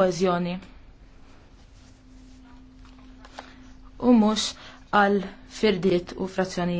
koezjoni. U mhux għal firdiet u frazzjonijiet.